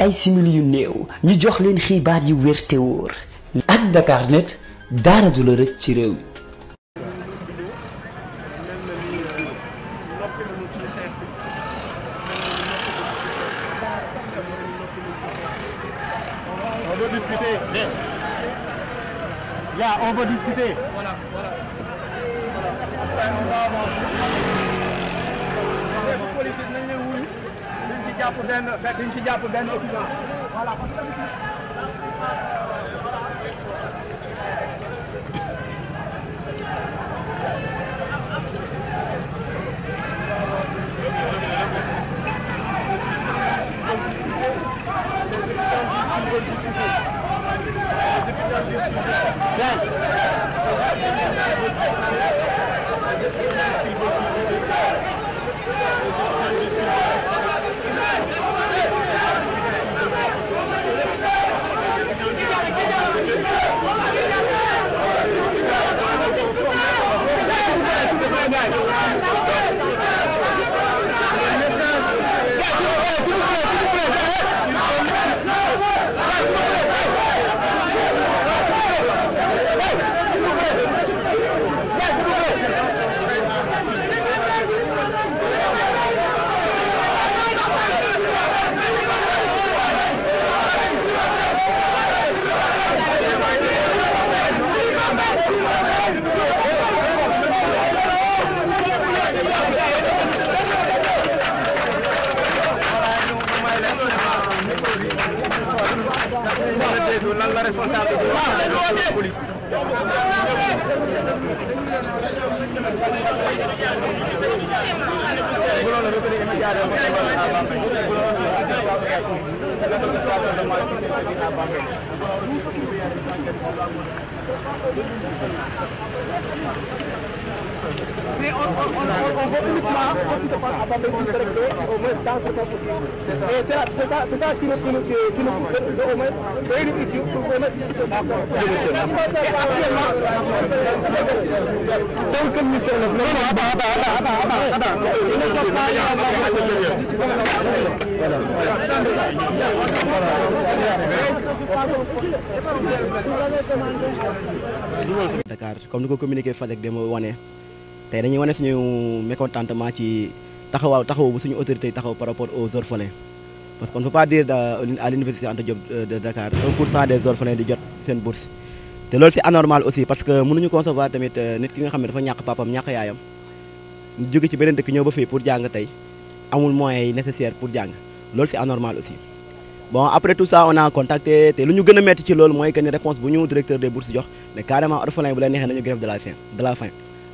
ay simili yu néew ñu jox leen xibaar yu wér te wóor. ak Dakar net daara rëcc ci réew jàpp benn dañ ci jàpp benn étudiant voilà yow nga responsable de la police. Thank you. Mais on, on, on, on veut uniquement ce qui se passe à Bambay puisse se régler au moins dans le temps possible. C'est ça. Et c'est ça, ça, qui nous préoccupe, qui nous au moins se réunir ici pour vraiment discuter ça. C'est une commission. Non, non, attends, attends, attends, attends. Ils ne sont pas Dakar, comme nous communiquons avec des mots, te dañuy wane suñu mécontentement ci taxawaaw taxaw bu suñu autorité taxaw par rapport aux orphelins parce qu'on ne peut pas dire euh, à l'université Anta Diop euh, de Dakar 1 pour te loolu c'est anormal aussi parce que mënuñu concevoir tamit euh, nit ki nga xam ne dafa ñàkk papam ñàkk yaayam ñu jóge ci beneen dëkk ñëw ba fii pour jàng tey amul moyens yi pour jàng loolu c'est anormal aussi bon après tout ça on a te lu ñu gën a ci loolu mooy que réponse bu ñu directeur des bourses jox ne carrément orphelin bu la neexee nañu grève de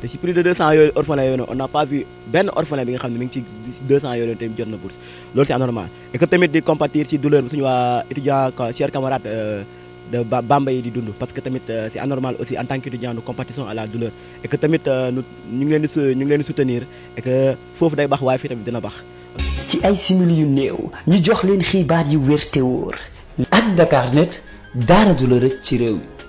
te si plus de 200 yooyu orphelins yooyu noonu n'a pas vu benn orphelin bi nga xam ne mi ngi ci 200 yooyu noonu tamit jot na bourse loolu c'est anormal et tamit ci euh, dund parce que tamit euh, c'est anormal aussi en tant qu'étudiant nous compatissons à la douleur et tamit euh, ñu ngi leen di ñu ngi leen soutenir et foofu day baax waaye fii tamit dina baax. ci ay simili yu néew ñu jox leen xibaar yu wér te wóor. ak Dakarnet daara du la rëcc ci réew mi.